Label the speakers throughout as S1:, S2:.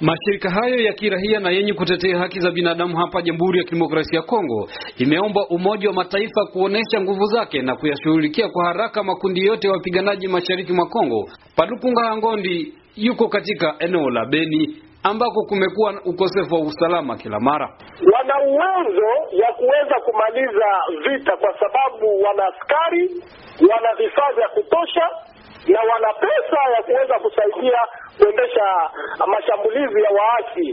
S1: Mashirika hayo ya kirahia na yenye kutetea haki za binadamu hapa Jamhuri ya Kidemokrasia ya Kongo imeomba Umoja wa Mataifa kuonesha nguvu zake na kuyashughulikia kwa haraka makundi yote ya wapiganaji mashariki mwa Kongo. Palukunga Hangondi yuko katika eneo la Beni ambako kumekuwa ukosefu wa usalama kila mara.
S2: Wana uwezo ya kuweza kumaliza vita kwa sababu wana askari, wana vifaa vya kutosha na wana pesa ya kuweza kusaidia kuendesha mashambulizi ya waasi.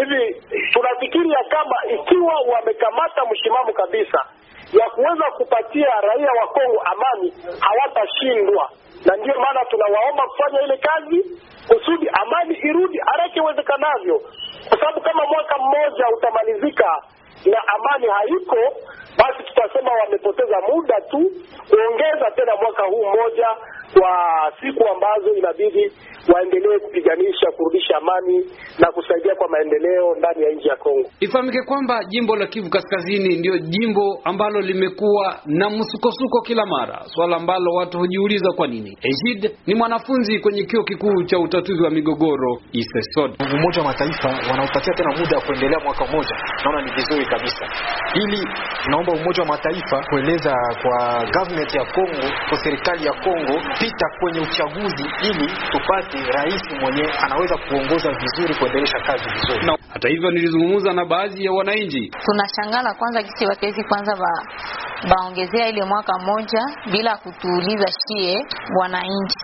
S2: Hivi tunafikiri ya kama ikiwa wamekamata msimamo kabisa ya kuweza kupatia raia wa Kongo amani, hawatashindwa na ndiyo maana tunawaomba kufanya ile kazi kusudi amani irudi haraka iwezekanavyo, kwa sababu kama mwaka mmoja utamalizika na amani haiko, basi tutasema wamepoteza muda tu moja kwa siku ambazo inabidi waendelee kupiganisha kurudisha amani na kusaidia kwa maendeleo ndani ya nchi ya Kongo.
S1: Ifahamike kwamba jimbo la Kivu Kaskazini ndio jimbo ambalo limekuwa na msukosuko kila mara, swala ambalo watu hujiuliza kwa nini. Ejid ni mwanafunzi kwenye kio kikuu cha utatuzi wa migogoro ISESOD. Umoja wa Mataifa wanaupatia tena muda wa kuendelea mwaka mmoja, naona ni vizuri kabisa. Ili naomba Umoja wa Mataifa kueleza kwa government ya Kongo, kwa serikali ya Kongo pita kwenye uchaguzi ili tupate rais mwenye anaweza kuongoza vizuri, kuendelesha kazi vizuri no. Hata hivyo nilizungumza na baadhi ya wananchi,
S3: tunashangala kwanza kisi watezi kwanza ba baongezea ile mwaka mmoja bila kutuuliza shie wananchi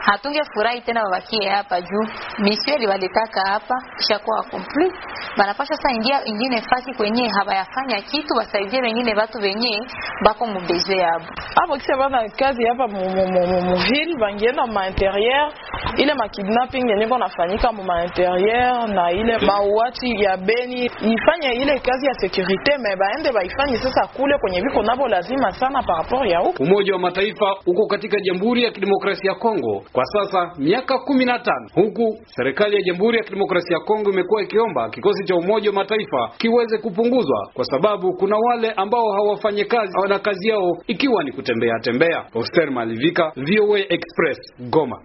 S3: hatungefurahi tena wabakie hapa juu misio walitaka hapa ishakuwa complete banapasha sasa ingia ingine fasi kwenye habayafanya kitu wasaidie wengine watu wenye bako mubeze yabo hapo kisha bana kazi hapa muvile
S2: bangienda ma interieur ile ma kidnapping yenye fanyika mu ma interieur na ile mauaji ya Beni ifanye ile kazi ya securite me baende baifanye sasa kule kwenye viko nabo lazima sana par rapport ya huko
S1: Umoja wa Mataifa uko katika Jamhuri ya Kidemokrasia ya Kongo kwa kwa sasa miaka kumi na tano, huku serikali ya Jamhuri ya Kidemokrasia ya Kongo imekuwa ikiomba kikosi cha Umoja wa Mataifa kiweze kupunguzwa kwa sababu kuna wale ambao hawafanye kazi na kazi yao ikiwa ni kutembea tembea. Oster Malivika, VOA Express, Goma.